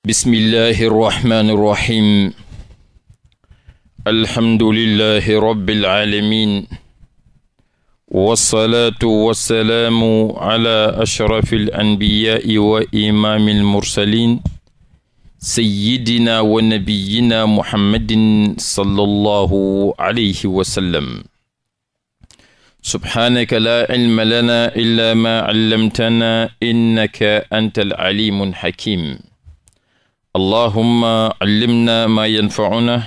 bismillahi irrahmani irrahim alhamdulillahi rabbil alamin wassalaatu wassalaamu ala ashrafi alanbiyaai wa imaami almursalin sayidina wa nabiyina muhammadin sallallahu alayhi wa sallam subhaanaka laa ilma lana illa ma allamtana innaka anta alalimu alhakim allahumma callimna maa yanfacuna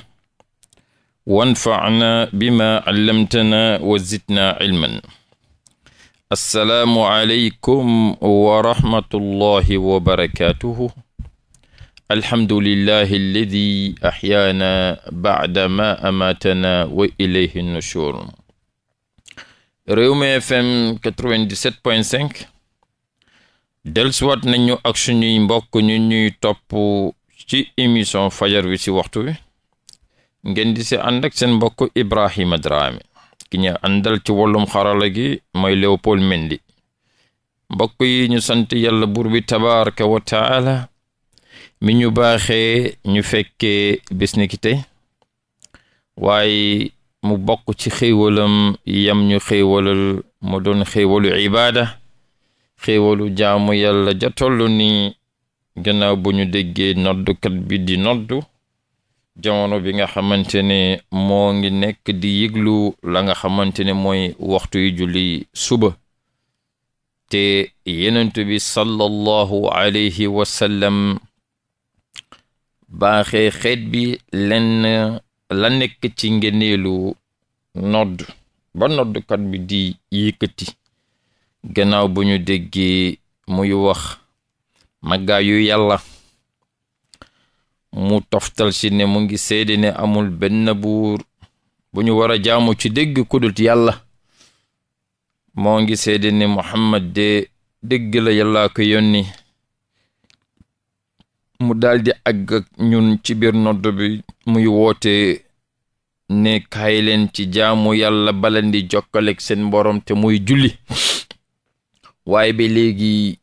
wanfacna bimaa callamtana wa zidna cilman assalaamu aleykum wa rahmatullahi wa barakaatuhu alhamdulillahi alladi axyaana bacda ma amaatana wa ilayhi nushur Rewmi FM 97.5 dellusiwaat nañu ak suñuy mbokk ñu ñuy topp ci émission fajar wi ci waxtu wi ngeen di si ànd ak seen mbokk Ibrahima Dramé ki ñu àndal ci wàllum xarala gi mooy Léopold Mendy mbokk yi ñu sant yàlla buur bi tabaraka wa mi ñu baaxee ñu fekkee bisnikite ni waaye mu bokk ci xéewalam yam ñu xéewalal mu doon xéewalu ibaada xéewalu jaamu yàlla ja tollu ni gannaaw bu ñu déggee noddukat bi di noddu jamono bi nga xamante ne moo ngi nekk di yëglu la nga xamante ne mooy waxtu yu julli suba te yenentu bi sallallahu alayhi wasallam baaxe xeet bi lenn la nekk ci ngeneelu nodd ba noddkat bi di yëkkati gannaaw bu ñu déggee muy wax màggaayu yàlla mu toftal ci ne mu ngi seede ne amul benn buur bu ñu war a jaamu ci dégg kudut yàlla moo ngi seede ne Muhammad de dégg la yàllaa ko yónni mu daldi àgg ñun ci biir nodd bi muy woote ne kaay ci jaamu yàlla baleen di jokkaleek seen borom te muy julli waay ba léegi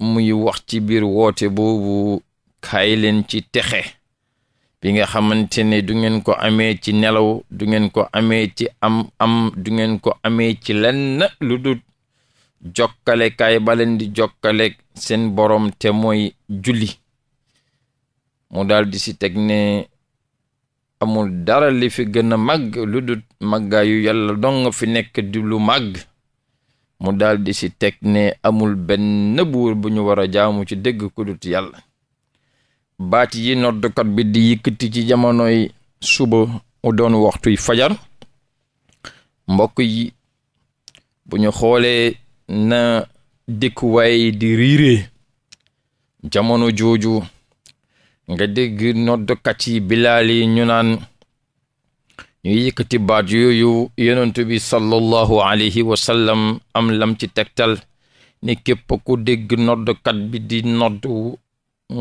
muy wax ci biir woote boobu kaay leen ci texe bi nga xamante ne du ngeen ko amee ci nelaw du ngeen ko amee ci am am du ngeen ko amee ci lenn lu dul jokkale kaay ba di jokkale seen borom te mooy julli mu daal di si teg ne amul dara li fi gën a màgg lu dul màggaayu yàlla fi nekk di lu màgg mu daldi ci si teg ne amul benn buur bu ñu war a jaamu ci dégg ku dut yàlla baat yi noddkat bi di yëkkati ci jamonoy suba mu doon waxtuy fajar mbokk yi bu ñu xoolee na dëkkuwaay di riiree jamono jooju nga dégg noddkat yi bilaal yi ñu naan ñu yëkkati baat yooyu yonent bi sallallahu alayhi wa sallam am lam ci tegtal ni képp ku dégg noddkat bi di noddu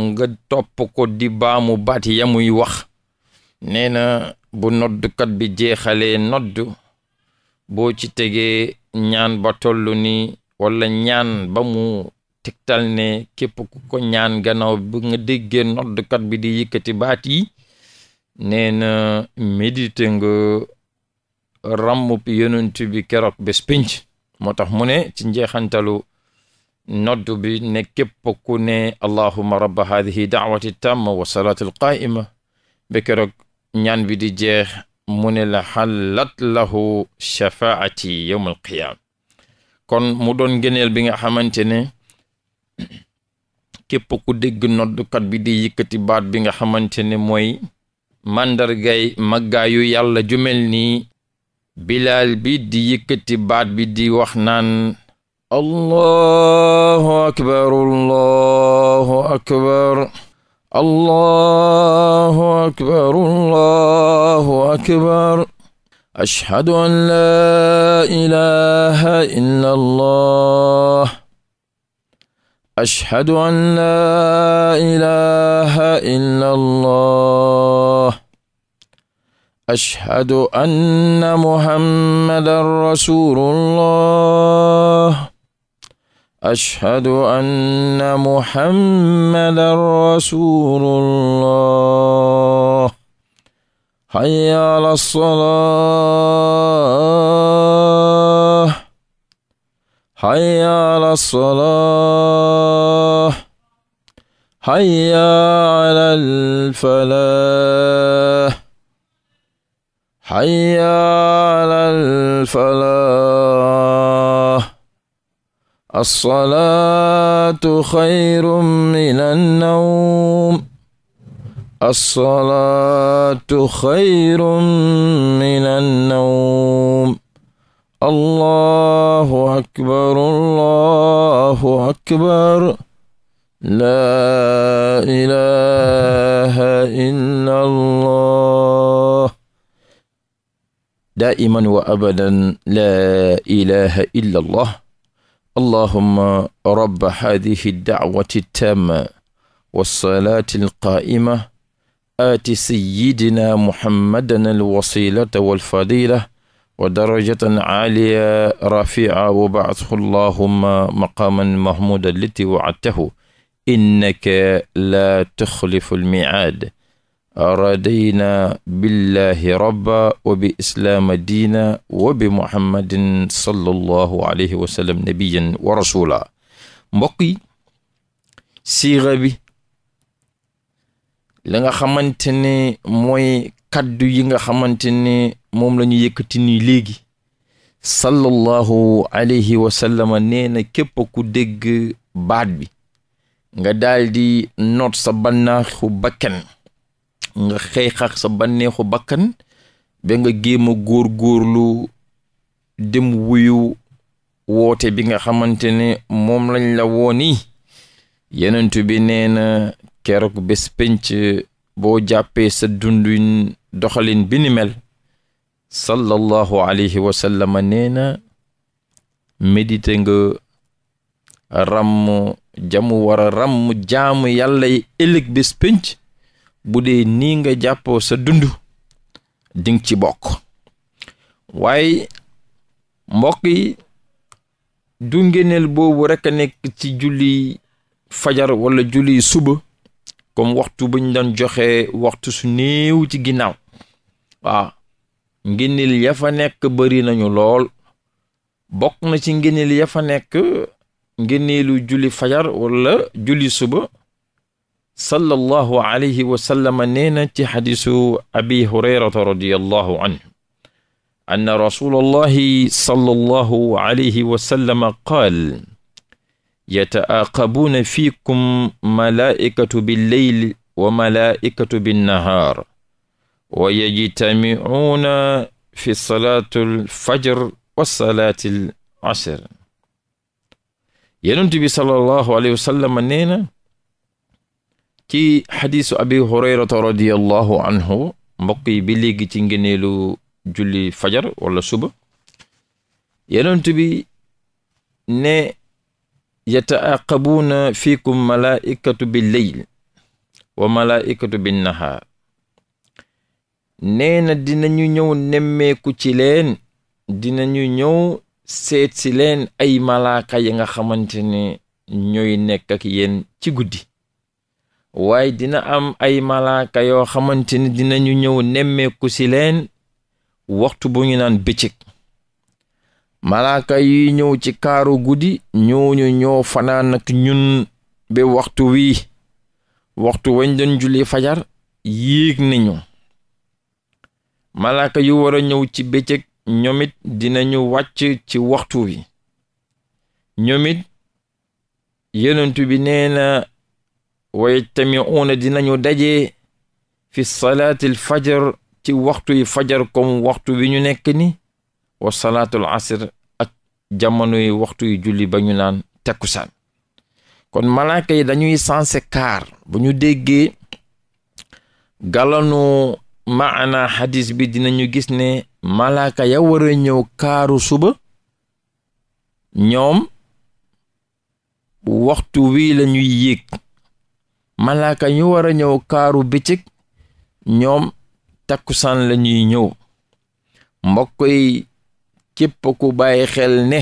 nga topp ko di baamu baat yamuy wax nee na bu noddkat bi jeexale noddu boo ci tegee ñaan ba toll ni walla ñaan ba mu tegtal ne képp ku ko ñaan gannaaw bi nga déggee noddkat bi di yëkkati baat yi nee na médité nga ràmmub bi keroog bés pinc moo tax mu ne njeexantalu nodd bi ne képp ku ne allahuma rabba haadihi daawati tamma wa salaatu al qaa'ima keroog ñaan bi di jeex mu ne la xallat lahu shafaati yowm al kon mu doon gëneel bi nga xamante ne képp ku dégg noddkat bi di baat bi nga xamante ne mooy màndargay màggaayu yàlla ju mel nii bilaal bi di yëkkati baat bi di wax naan allahu akbar allahu akbar allahu akbar allahu akbar ashhadu an la ilaha illa allah أشهد أن لا إله إلا الله أشهد أن محمدا رسول الله أشهد أن محمدا رسول الله حي على الصلاة حي على الصلاة حي على الفلاح حي على الفلاح الصلاة خير من النوم الصلاة خير من النوم allahu akbar allahu akbar laa ilaha illa allah daa'iman wa abadan laa ilaha illa allah allahumma rabba haadihi dacwati taama wassalaati alqaa'ima aati sayyidina muhammadan alwasilata walfadila wa darajatan aaliya rafi'a wa ba'athu allahumma maqaaman mahmuudan lati wa'adtahu innaka laa tuxlifu almiicaad radaynaa billahi rabba wa bi islaama diina wa bi muhammadin sallallahu alayhi wa sallam nabiyan wa rasula mbokk yi siira bi la nga xamante ne mooy kaddu yi nga xamante ne moom la ñu yëkkati nii léegi sallallahu alayhi wa sallama nee na képp ku dégg baat bi nga daldi noot sa bannaaxu bakkan nga xeexax sa banneexu bakkan ba nga géem góor-góorlu dem wuyu woote bi nga xamante ne moom lañ la woo wooni yenent bi nee na keroog bés pénc boo jàppee sa dunduñ doxalin bi sallallahu alayhi wa sallam nee na médité nga ràmm jamu war a ràmm jaamu yàlla yi ëllëg bés bu dee nii nga jàppoo sa dund ding ci bokk waaye mbokk du ngeneel boobu rek nekk ci julli fajar walla julli suba comme waxtu bu joxe waxtu su néew ci ginnaaw ngénneel ya fa nekk bari nañu lool bokk na ci ngénneel ya fa nekk ngénneelu julli fajar wala suba sallallahu alayhi wa sallama nee na ci xadisu abi hurayrata radiyallahu anhu anna rasulallahi sallallahu alayhi wa sallama qaal yataaqabuuna fiikum malaa'ikatu billeyli wa malaa'ikatu wa yejtamicuuna fi salaatu alfajr wa salaati al ashr yenentu bi sallallahu alayhi wa sallam nee na ci xadiisu abi hurayrata radiallahu anhu mbokk yi bi léegi ci ngeneelu julli fajar wala suba yenentu bi ne yataaqabuuna fiikum malaa'ikatu bil leyl wa malaa'ikatu bin nahaar neena na dinañu ñëw nemmeeku ci leen dinañu ñëw seet si leen ay malaaka yi nga xamante ne ñooy nekk ak ci guddi waaye dina am ay malaaka yoo xamante ne dinañu ñëw nemmeeku ci leen waxtu bu ñu naan bëccëg malaaka yi ñëw ci kaaru guddi ñooñu ñoo fanaan ak ñun ba waxtu wii waxtu wañ doon julli fajar yéeg nañu malaaka yu war a ñëw ci bëccëg ñoomit it dinañu wàcc ci waxtu wi ñoomit it yonentu bi nee na wayajtamiuuna dinañu daje fi salaatil fajar ci waxtu yi fajar comme waxtu wi ñu nekk ni wa salaatul asr ak jamono yi waxtu yu julli ba ñu naan takkusaan kon malaaka yi dañuy sanse kaar bu ñu déggee galanu maana xadis bi dinañu gis ne malaaka ya war a ñëw kaaru suba ñoom waxtu wii la ñuy yéeg malaaka ñu war a ñëw kaaru bëccëg ñoom takkusaan la ñuy ñëw mbokk yi képp ku bàyyi xel ne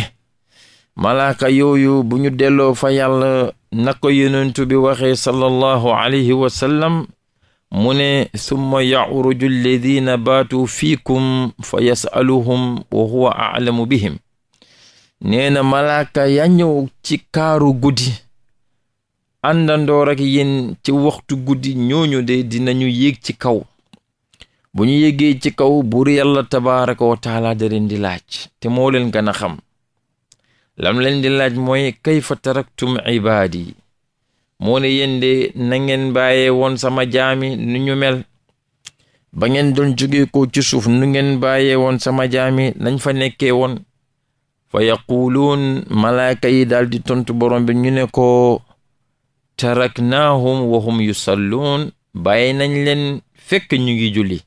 malaaka yooyu bu ñu delloo fa yàlla na ko yonentu bi waxee sallallahu alayhi wa mu ne summa yaruju alladina baatu fiikum fa yasaluhum wa huwa alamu bihim nee malaaka ya ñëw ci kaaru guddi àndandoor ak yéen ci waxtu guddi ñooñu de dinañu yéeg ci kaw bu ñu yéegee ci kaw buur yàlla tabaaraka wa taala da di laaj te moo leen gën a xam lam leen di laaj mooy kayfa taraktum ibaadi moo ne yéen de na ngeen bàyyee woon sama jaami nu ñu mel ba ngeen doon jóge ko ci suuf nu ngeen bàyyee woon sama jaami nañ fa nekkee woon fa yaquluun malaaka yi daal di tontu borom bi ñu ne ko taraknaahum wa hum yusalluun bàyyi nañ leen fekk ñu ngi julli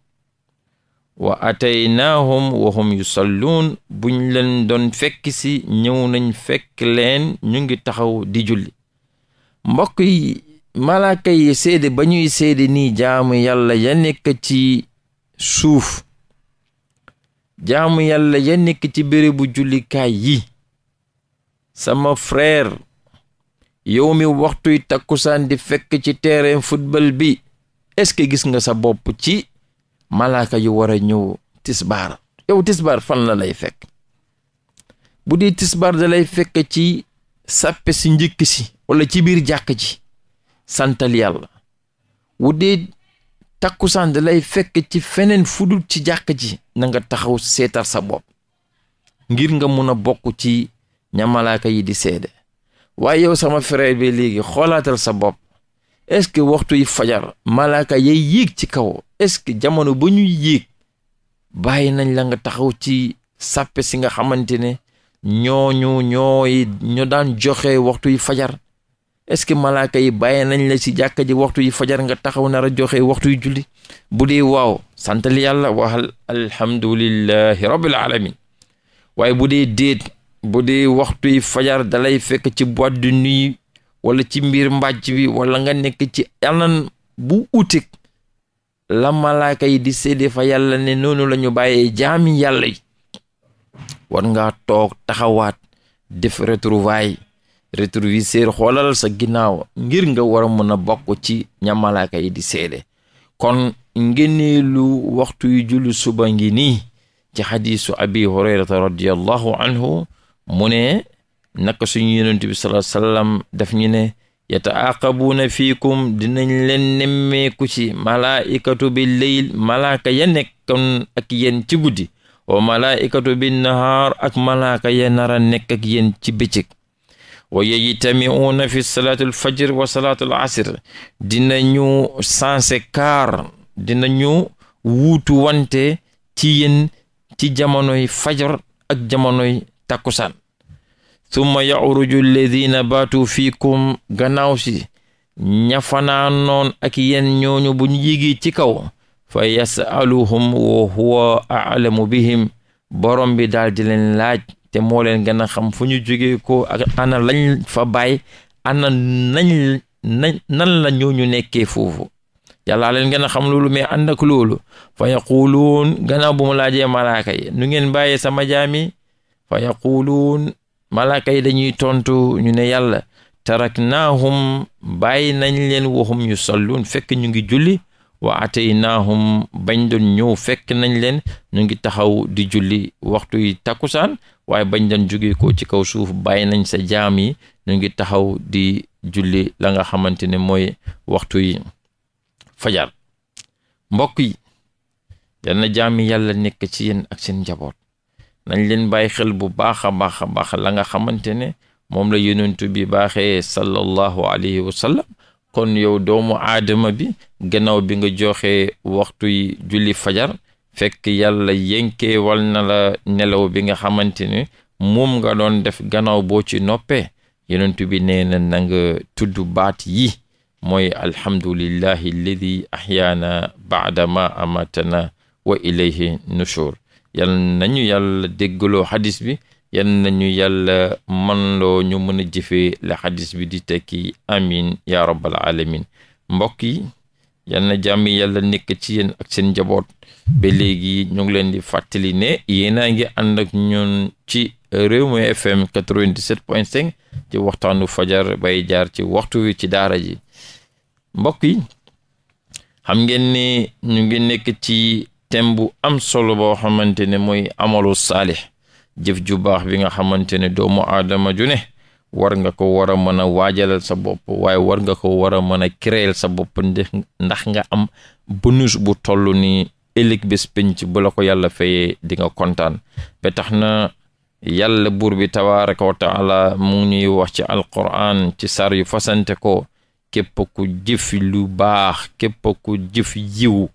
wa ataynaahum wa hum yusalluun buñ leen doon fekk si ñëw nañ fekk leen ñu ngi taxaw di julli mbokk yi malaaka yi seede ba ñuy seede nii jaamu yàlla ya nekk ci suuf jaamu yàlla ya nekk ci bérébu jullikaay yi sama frère yow mi waxtuy takkusaan fekk ci terrain football bi est-ce que gis nga sa bopp ci malaaka yu war a ñëw tisbaar yow tisbaar fan la lay fekk bu dee tisbaar da lay fekk ci sàppe si njëkk si wala ci biir jàkk ci santal yàlla wu dee takkusaan da lay fekk ci feneen fudul ci jàkk ji na nga taxaw seetal sa bopp ngir nga mun a bokk ci ña malaaka yi di seede waaye yow sama frère bi léegi xoolaatal sa bopp est-ce waxtu yi fajar malaaka yay yéeg ci kaw est-ce que jamono ba ñu yéeg bàyyi nañ la nga taxaw ci sappe si nga xamante ne ñooñu ñooy ñu daan joxe waxtu yi fajar est-ce que malaaka yi bàyyi nañ la ci jàkka ji waxtu yi fajar nga taxaw nar a joxe waxtu yu julli bu dee waaw santal yàlla waxal alhamdulillahi rabbil alamin waaye bu dee déet bu dee waxtu yi fajar dalay fekk ci boîte de nuit wala ci mbir mbàjj wi wala nga nekk ci anan bu utik la malaaka yi di séede fa yàlla ne noonu lañu ñu bàyyee jaami yàlla yi war ngaa toog taxawaat def retrouvaille rétroviseur xoolal sa ginnaaw ngir nga war a mën a bokk ci ña malaaka yi di seede kon ngeneelu waxtu yu julli suba ngi nii ci xadiisu abi hurayrata radiallahu anhu mu ne naka suñu yonent bi salaa sallam daf ñu ne yataaqabuuna fiikum dinañ leen nemmeeku ci malaaikatu bi leyl malaaka ya nekkoon ak yéen ci guddi wa malaaikatu bi nahaar ak malaaka ya nara a nekk ak yéen ci bëccëg wa yejtamiuuna fi salaatu alfajr wa salaatu al asr dinañu sanse kaar dinañu wuutu wante ci yéen ci jamonoy fajar ak jamonoy takkusaan summa yaruju alladina baatu fiikum gannaaw si ñafanaanoon ak yéen ñooñu bu ñu ci kaw fa yasaluhum wa huwa alamu bihim borom bi daal di laaj te mooleen leen gën a xam fu ñu jógee ko ak ana lañ fa bàyyi ana nañ nañ nan la ñooñu nekkee foofu yàllaa leen a xam loolu mais ànd ak loolu fa yaquluun gannaaw bu laajee malaaka yi nu ngeen bàyyee sama jaami fa yaquluun malaaka yi dañuy tontu ñu ne yàlla taraknaahum bàyyi nañ leen waxum yu salluun fekk ñu ngi julli wa ataynaahum bañ doon ñëw fekk nañ leen ñu ngi taxaw di julli waxtu yi takkusaan waaye bañ daan jóge ci kaw suuf bàyyi nañ sa jaam yi ñu ngi taxaw di julli la nga xamante ne mooy waxtu yi fajar mbokk yi yal na jaam yi yàlla nekk ci yéen ak seen njaboot nañ leen bàyyi xel bu baax a baax a baax la nga xamante ne moom la yonent bi baaxee sallallahu alayhi wa sallam kon yow doomu aadama bi gannaaw bi nga joxe waxtu julli fajar fekk yàlla yénkee wal na nelaw bi nga xamante ni moom nga doon def gannaaw boo ci noppee yonent bi nee na na nga tudd baat yi mooy alhamdulillahi alladi ahyaana baadama amatana wa ilayhi nushur yal nañu yàlla déggaloo xadis bi yal nañu yàlla manloo ñu mën a jëfee la bi di tekki amin ya rabbal alamin mbokk yi yal na jàmm yàlla nekk ci yéen ak seen njaboot ba léegi ñu ngi leen di fàttali ne yéen a ngi ànd ak ñun ci Rewmi FM 97.5 ci waxtaanu fajar bay jaar ci waxtu wi ci daara ji mbokk yi xam ngeen ne ñu ngi nekk ci thème bu am solo boo xamante ne mooy amalo saalix jëf ju baax bi nga xamante ne doomu aadama ju ne war nga ko war a mën a waajalal sa bopp waaye war nga ko war a mën a créer sa bopp ndax nga am bonus bu toll ni ëllëg bés penc bu la ko yàlla fayee di nga kontaan ba tax na yàlla buur bi tabaraka wa taala mu ñuy wax ci alquran ci sar yu fasante ko képp ku jëf lu baax képp ku jëf yiw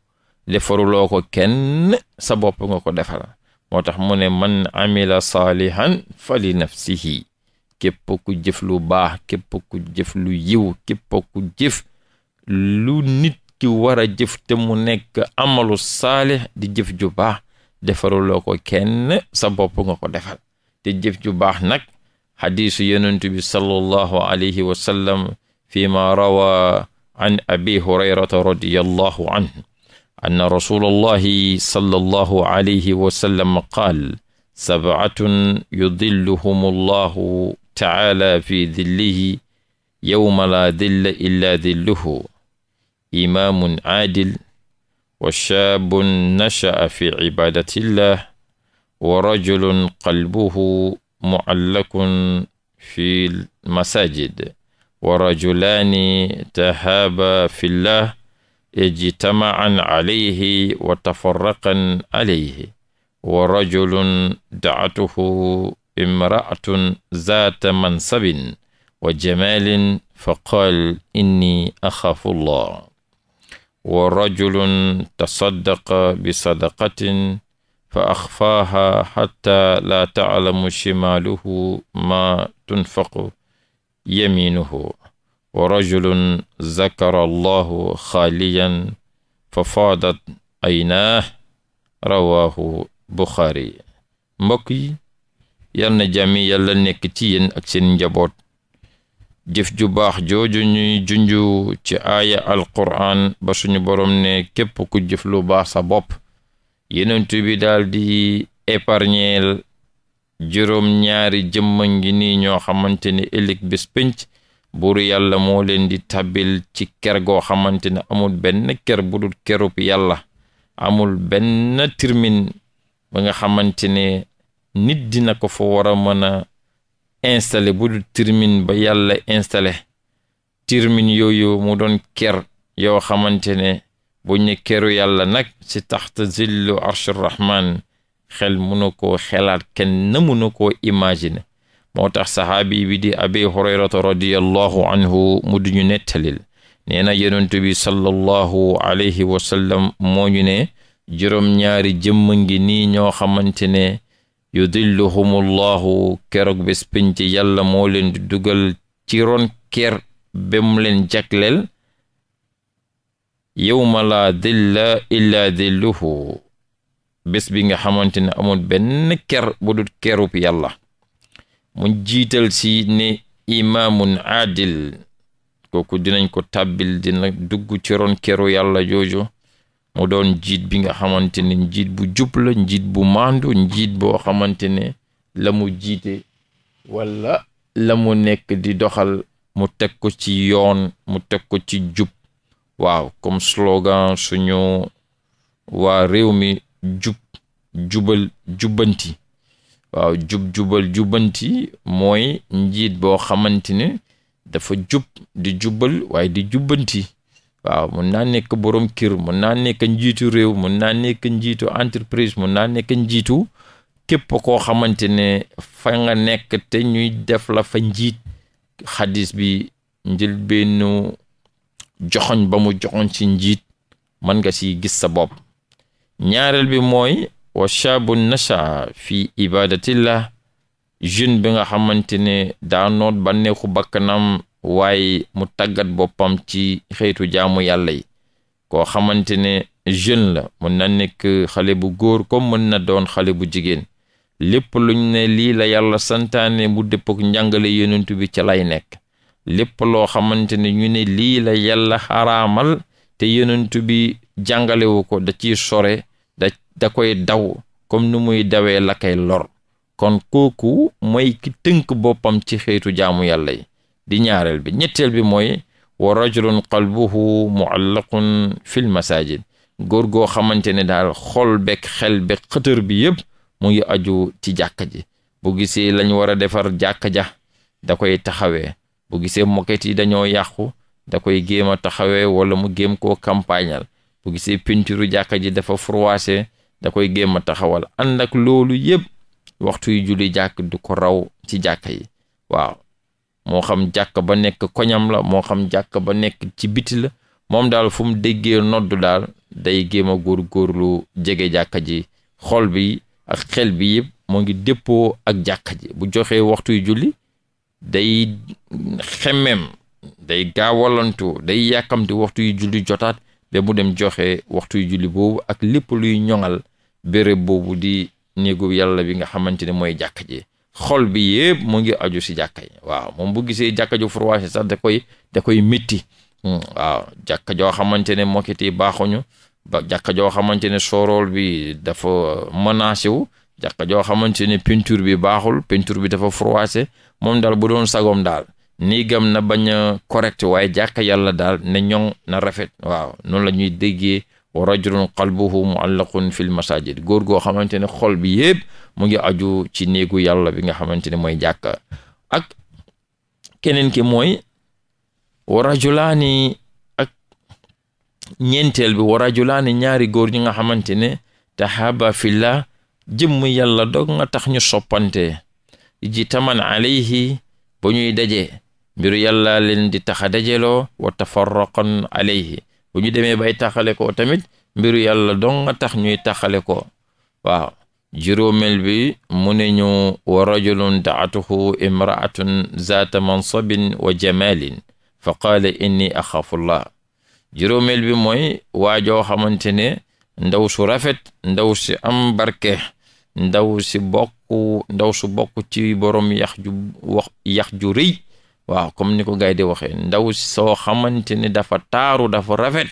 defaruloo ko kenn sa bopp nga ko defal moo tax mu ne man amila saalihan fa li nafsihi képp ku jëf lu baax képp ku jëf lu yiw képp ku jëf lu nit ki war a jëf te mu nekk amalu saalix di jëf ju baax defaruloo ko kenn sa bopp nga ko defal te jëf ju baax nag xadiisu yonent bi sallallahu alayhi wa sallam fi ma rawa an abi hurayrata radiyallahu anhu rasulallahi sallallahu alayhi wa qaal sab'atun yudilluhum allahu taala fi dillihi yowma laa dilla illa dilluhu imaamun aadil wa shaabun nasha'a fi cibaadatillah wa rajulun qalbuhu mucallakun fi masajid wa rajulaani tahaaba fillah ijtama'an calayhi wa tafarraqan calayhi wa rajulun dacatuhu imra'atun zaata mansabin wa jamalin fa qaal inni axaafu llah wa rajulun tasaddaqa bi sadaqatin fa axfaaha xatta laa taalamu shimaaluhu maa tunfaqu yamiinuhu wa rajulun zakara allahu xaaliyan fa faadat aynaah rawaahu buxaari mbokk yi yalna na jàmmi yàlla nekk ci yéen ak seen njaboot jëf ju baax jooju ñuy junju ci aaya alquran ba suñu borom ne képp ku jëf lu baax sa bopp yenentu daldi daal juróom ñaari jëmma ngi nii ñoo xamante ne ëllëg bés pénc buuru yàlla moo leen di tabil ci ker goo xamante ne amul benn ker budul kerub yàlla amul benn tirmin ba nga xamante nit dina ko fa war a mën a installé bu dul tirmin ba yàlla installé tirmin yooyu mu doon ker yoo xamante ne bu ñu keru yàlla nag ci taxta zillu arsh rahman xel muna ko xelaat kenn na ko koo imaginer moo tax sahaabi bi di abi hurayrata radiallahu anhu mu duñu nettalil nee na yonent bi sallallahu alayhi wasallam moo ñu ne juróom-ñaari jëmm ngi nii ñoo xamante ne yudilluhum allahu keroog bés pénc yàlla moo leen dugal ci ron ker ba mu leen jagleel yowma laa dilla illaa dilluhu bés bi nga xamante ne amul benn ker bu dul kerub yàlla mu jiital si ne imaamun aadil kooku dinañ ko tàbbil dina dugg ci ron keru yàlla jooju mu doon njiit bi nga xamante ne njiit bu jub la njiit bu maandu njiit boo xamante ne la mu jiite walla la mu nekk di doxal mu teg ko ci yoon mu teg ko ci jub waaw comme slogan suñu waa réew mi jub jubal jubbanti waaw jub jubal jubanti mooy njiit boo xamante ne dafa jub di jubal waaye di jubanti waaw mun naa nekk borom kër mun naa nekk njiitu réew mun naa nekk njiitu entreprise mun naa nekk njiitu képp koo xamante ne fa nga nekk te ñuy def la fa njiit xadis bi njël bennu joxoñ ba mu joxoñ ci njiit mën nga si gis sa bopp ñaareel bi mooy wa shaabu nasha fi ibadatillah jeune bi nga xamante ne daa noot bànneexu bakkanam waaye mu tàggat boppam ci xeetu jaamu yàlla yi koo xamante ne jeune la mën na nekk xale bu góor comme mën na doon xale bu jigéen lépp luñ ne lii la yàlla santaane bu dëpp ak njàngale yonent bi ca lay nekk lépp loo xamante ne ñu ne lii la yàlla xaraamal te yonent bi jàngalewu ko da ciy sore da koy daw comme nu muy dawee la kay lor kon kooku mooy ki tënk boppam ci xeetu jaamu yàlla yi di ñaareel bi ñetteel bi mooy wa rajulun qalbuhu muallaqun fil masajid góor goo xamante ne daal xol bekk xel bek xëtër bi yëpp mu ngi aju ci jàkka ji bu gisee lañu war a defar jàkka ja da koy taxawee bu gisee moket yi dañoo yàqu da koy géem a taxawee wala mu géem koo campagnal bu gisee pinturu jàkka ji dafa froissé da koy géem a taxawal ànd ak loolu yëpp waxtu yu julli jàkk du ko raw ci jàkka yi waaw moo xam jàkk ba nekk koñam la moo xam jàkk ba nekk ci biti la moom daal fu mu déggee nodd daal day géem a góorlu jege jàkka ji xool bi ak xel bi yëpp moo ngi déppoo ak jàkka ji bu joxee waxtuy julli day xemmeem day gaawalantu day yàkkamti waxtu yu julli jotaat ba mu dem joxe waxtu yu julli boobu ak lépp luy ñoŋal béréb boobu di néegu yàlla bi nga xamante ne mooy jàkk ji xol bi yëpp mu ngi aju si jàkka yi waaw moom bu gisee jàkka ju froissé sax da dakoy da métti hmm, waaw jàkka joo xamante ne moket yi baaxuñu ba jàkka joo xamante ne sorool bi dafa menacé wu jàkka joo xamante ne peinture bi baaxul peinture bi dafa froissé moom daal bu doon sagom daal nii gam na bañ a correct waaye jàkka yàlla daal ne ñoŋ na rafet waaw noonu la ñuy déggee wa rajulun qalbuhu muallaqun fil masajid góor goo xamante ne xol bi yëpp mu ngi aju ci néegu yàlla bi nga xamante ne mooy jàkka ak keneen ki mooy wa rajulaani ak ñeenteel bi wa rajulaani ñaari góor ñi nga xamante ne tahaba fillah jëmm yàlla dog nga tax ñu soppante ji taman alayhi ba ñuy daje mbiru yàlla leen di taxa dajeloo wa tafarraqan alayhi bu ñu demee bay taxale ko tamit mbiru yàlla dong nga tax ñuy taxale ko waaw juróomeel bi mu ne ñu wa rajulun daatuhu imraatun zaata mansabin wa jamalin inni axaafullah juróomeel bi mooy waajoo xamante ne ndaw su rafet ndaw si am barke ndaw si bokk ndaw su bokk ci borom yax ju waaw comme ni ko gars waxee ndaw soo xamante ne dafa taaru dafa rafet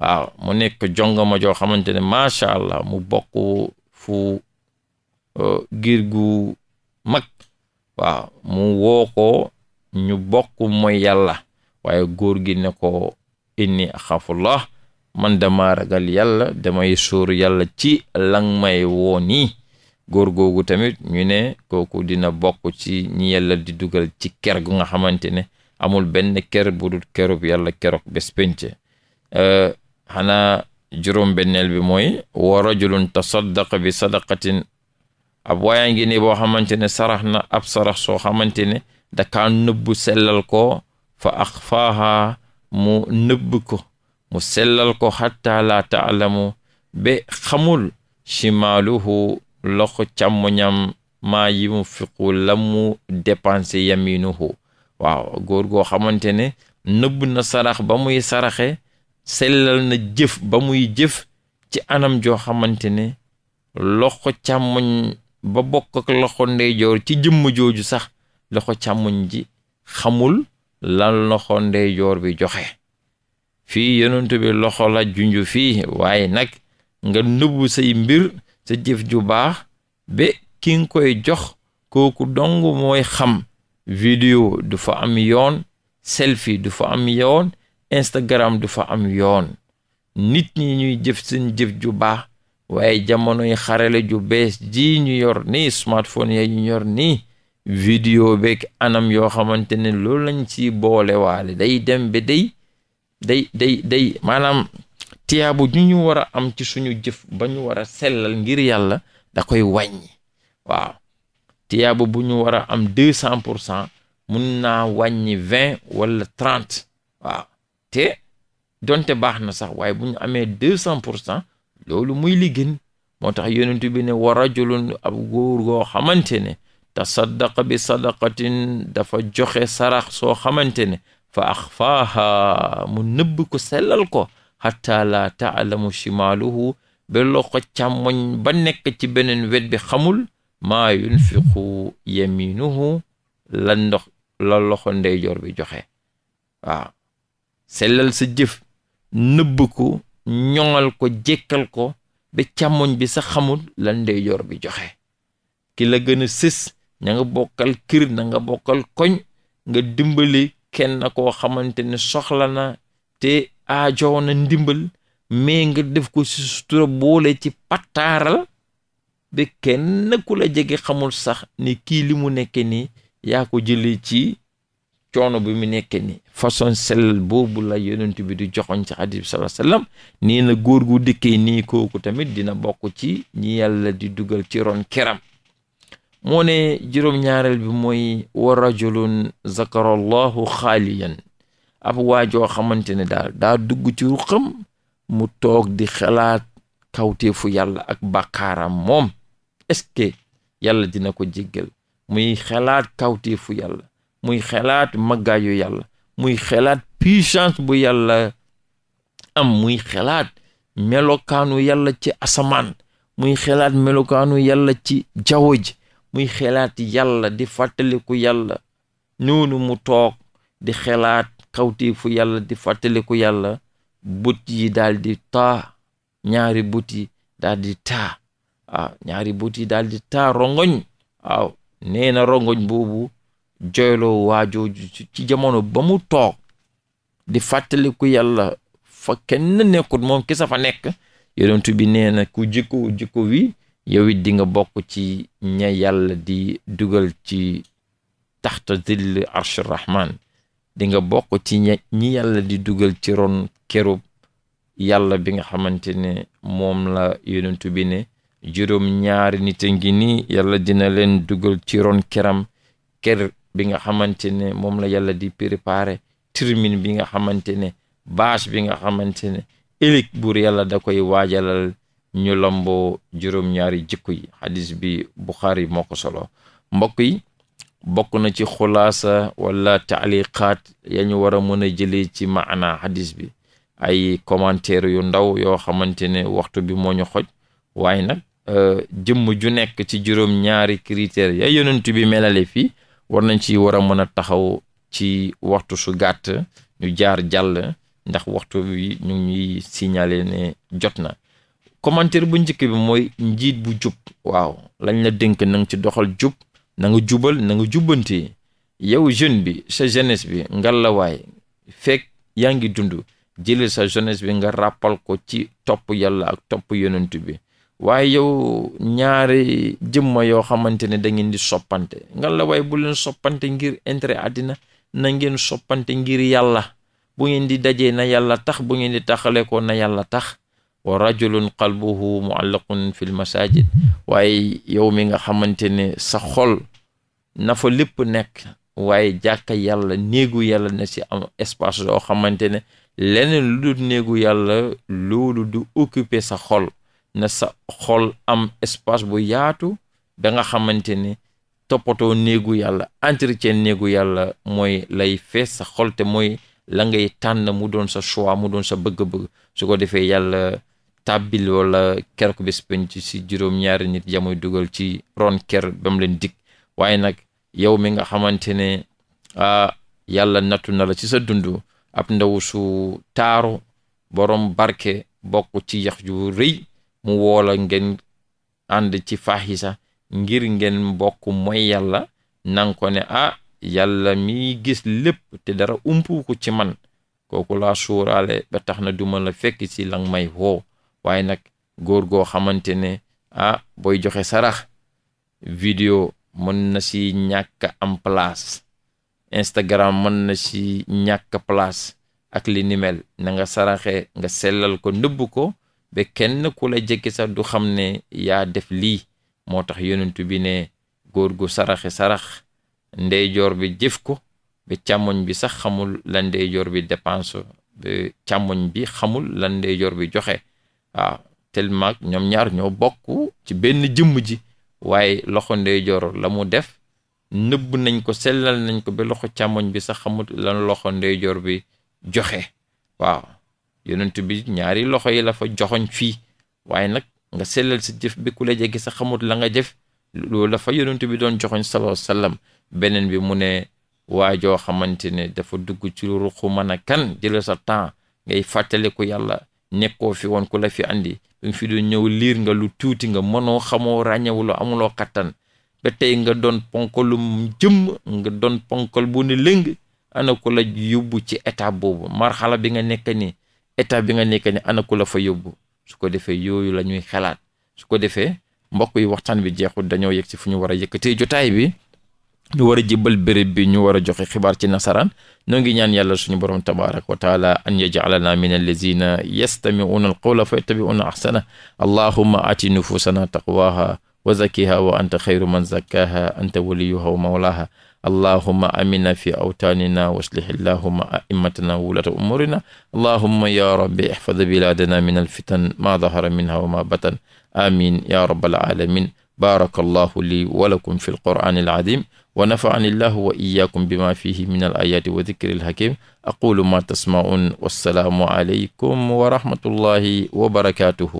waaw mu nekk jongama joo xamante ne macha allah mu bokku fu Euh, giir gu mag waaw mu woo ñu bokk mooy yàlla waaye góor gi ne ko inni axafullah man dama ragal yàlla damay sóor yàlla ci lang may woo nii góor googu tamit ñu ne kooku dina bokk ci ñi yàlla di dugal ci ker gu nga xamante ne amul benn ker bu dul kerub yàlla keroog bés pénc euh, xanaa juróom benneel bi mooy wa rajulun bi sadaqatin ab waayaa ngi boo xamante ne sarax na ab sarax soo xamante ne dakaa nëbb sellal ko fa axfaaha mu nëbb ko mu sellal ko xatta laa taalamu ba xamul chimaaluhu loxo càmmoñam maa yi mu fiqu la mu dépensé yaminuhu waaw góor goo xamante ne nëbb na sarax ba muy sellal na jëf ba muy ci anam joo xamante ne loxo ba bokk ak loxo ndeyjoor ci jëmm jooju sax loxo càmmoñ ji xamul lan loxo ndeyjoor bi joxe fii yonent bi loxo la junju fii waaye nag nga nëbbu say mbir sa jëf ju baax ba ki nga koy jox kooku dong mooy xam vidéo du fa am yoon selfi du fa am yoon Instagram du fa am yoon nit ñi ñuy jëf seen jëf ju baax waaye jamonoy xarale ju bees ji ñu yor nii smartphone ya ñu yor nii vidéo beeg anam yoo xamante ne loolu lañ ci boole waale day dem ba day day day day maanaam tiyaabu ñu ñu war a am ci suñu jëf ba ñu war a sellal ngir yàlla da koy wàññi waaw tiyaabu bu ñu war a am deux cent pour cent mun naa wàññi vingt wala trente waaw te donte baax na sax waaye bu ñu amee deux cent pour cent loolu muy liggin gën moo tax yonent bi ne wa rajulun ab góor goo xamante ne tasaddaqa bi sadaqatin dafa joxe sarax soo xamante ne fa axfaaha mu nëbb ko sellal ko hatta la taalamu shimaaluhu ba loxo càmmoñ ba nekk ci beneen wet bi xamul ma yunfiqu yaminuhu la ndox loxo ndeyjoor bi joxe waaw sellal sa jëf ñoŋal ko jékkal ko ba càmmoñ bi sa xamul la ndeyjoor bi joxe ki la gën a sës ña nga bokkal kër na nga bokkal koñ nga dimbali kenn koo xamante ne soxla na te aajoo na ndimbal mais nga def ko si sutura boole ci pattaaral ba kenn ku la jege xamul sax ni kii li mu nekke nii yaa ko jëlee ci coono bi mu nekkee ni façon sellal boobu la yonent bi di joxoñ ci xadis bi salaa sallam nee na góor gu dikkee nii kooku tamit dina bokk ci ñi yàlla di dugal ci ron keram moo ne juróom-ñaareel bi mooy wa rajulun zakarallahu xaaliyan ab waajoo xamante ne daal daa dugg ci ruqam mu toog di xalaat kawteefu yàlla ak bàkkaaram moom est-ce yàlla dina ko jéggal muy xalaat kawteefu yàlla muy xelaat màggaayu yàlla muy xelaat puissance bu yàlla am muy xelaat melokaanu yàlla ci asamaan muy xelaat melokaanu yàlla ci jaww ji muy xelaat yàlla di fàttaliku yàlla noonu mu toog di xelaat kawteefu yàlla di fàttaliku yàlla but yi daal di taa ñaari but yi daal di taa ñaari but yi daal di rongoñ waaw nee rongoñ boobu joyloo waajooju ci jamono ba mu toog di fàttaliku yàlla fa kenn nekkut moom kese fa nekk yonent bi nee na ku jikko jikko wi yow it di bokk ci ña yàlla di dugal ci taxta zill arsh rahman di nga bokk ci ña ñi yàlla di dugal ci yàlla bi nga xamante ne moom la yonent bi ne juróom ñaari nit nii yàlla dina leen dugal ci ron keram ker bi nga xamante ne moom la yàlla di préparer termine bi nga xamante ne bâche bi nga xamante ne ëllëg buur yàlla da koy waajalal ñu lombo juróom-ñaari jikko yi xadis bi Buxaari moo ko solo mbokk yi bokk na ci xulaasa wala taaliqaat ya ñu war a mën a jëlee ci maana xadis bi ay commentaire yu ndaw yoo xamante ne waxtu bi moo ñu xoj waaye nag euh, jëmm ju nekk ci juróom-ñaari critères ya yonent bi melale fii war nañ ci war a mën a taxaw ci waxtu su gàtt ñu jaar jàll ndax waxtu bi ñu ñuy signaler ne jot na commentaire bu njëkk bi mooy njiit bu jub waaw lañ la dénk na nga ci doxal jub na nga jubal na nga jubbanti yow jeune bi sa jeunesse bi nga fekk yaa ngi dund jëlal sa jeunesse bi nga ràppal ko ci topp yàlla ak topp yonent bi waaye yow ñaari jëmma yoo xamante ne da di soppante nga la waaye bu soppante ngir intérêt àddina na ngeen soppante ngir yàlla bu ngeen di dajee na yàlla tax bu ngeen di taxale ko na yàlla tax wa rajulun qalbuhu muallaqun fil masajid waaye yow mi nga xamante ne sa xol nafa fa lépp nekk waaye jàkka yàlla néegu yàlla na ci am espace yoo xamante ne leneen lu dul néegu yàlla loolu du occuper sa xol na sa xol am espace bu yaatu ba nga xamante ne toppatoo néegu yàlla entretien néegu yàlla mooy lay fees sa xol te mooy la ngay tànn mu doon sa choix mu doon sa bëgg-bëgg su ko defee yàlla tàbbil wala kerku bés penc si juróom-ñaari nit yamuy dugal ci ron ker bam leen dikk waaye nag yow mi nga xamante ne ah yàlla nattu na la ci sa dund ab ndaw su taaru borom barke bokk ci yax ju rëy mu woola ngeen ànd ci faaxisa ngir ngeen mbokk mooy yàlla nanga ko ne ah yàlla mi gis lépp te dara umpu ko ci man kooku laa suuraale ba tax na duma la fekk ci lang may woo waaye nag góor goo xamante ne ah booy joxe sarax vidéo mën na si ñàkk am place Instagram mën na si ñàkk place ak li ni mel na nga saraxe nga sellal ko nëbb ko ba kenn ku la jekki sax du xam ne yaa def lii moo tax yonent bi ne góor gu saraxe sarax ndeyjoor bi jëf ko ba càmmoñ bi sax xamul la ndeyjoor bi dépense ba càmmoñ bi xamul lan ndeyjoor bi joxe waaw tellement ñoom ñaar ñoo bokk ci benn jëmm ji waaye loxo ndeyjoor la mu def nëbb nañ ko sellal nañ ko ba loxo càmmoñ bi sax xamul lan loxo ndeyjoor bi joxe waaw yonent bi ñaari loxo yi la fa joxoñ fii waaye nag nga sellal sa jëf bi ku la jege sa xamut la nga jëf loolu la fa bi doon joxoñ sallallahu alayhi beneen bi mu ne waajoo xamante ne dafa dugg ci ruqu mën a kan jëla sa temps ngay ko yàlla nekkoo fi woon ku la fi andi bi fi doon ñëw liir nga lu tuuti nga mënoo xamoo ràññewuloo amuloo kattan ba tey nga doon ponkalum jëmm nga doon ponkal bu ne lëng ana ku la yóbbu ci état boobu marxala bi nga nekk nii état bi nga nekk ne ana ku la fa yóbbu su ko defee yooyu la ñuy xalaat su ko defee mbokk yi waxtaan bi jeexul dañoo yegg si fu ñu war a yëkkatee jotaay bi ñu war a jëbal béréb bi ñu war a joxe xibaar ci nasaraan ñoo ngi ñaan yàlla suñu borom tabaraka wa taala an yajalana min allazina yastami'una alqawla fa yattabi'una ahsana allahumma ati nufusana taqwaha wa zakkiha wa anta xayru man zakkaha anta waliyuha wa mawlaha allahuma amina fi awtaanina wa aslih allahuma aimatana wulata umurina allahuma ya rabbi ihfad biladana min alfitan ma dahara minha wa ma batan amin ya rabbal alamin baraka allahu li wa lakum fi alqur'ani alazim wa nafa'ani allahu wa iyyakum bima fihi min alayati wa dhikri alhakim aqulu ma tasma'un wassalaamu alaykum wa rahmatullahi wa barakatuhu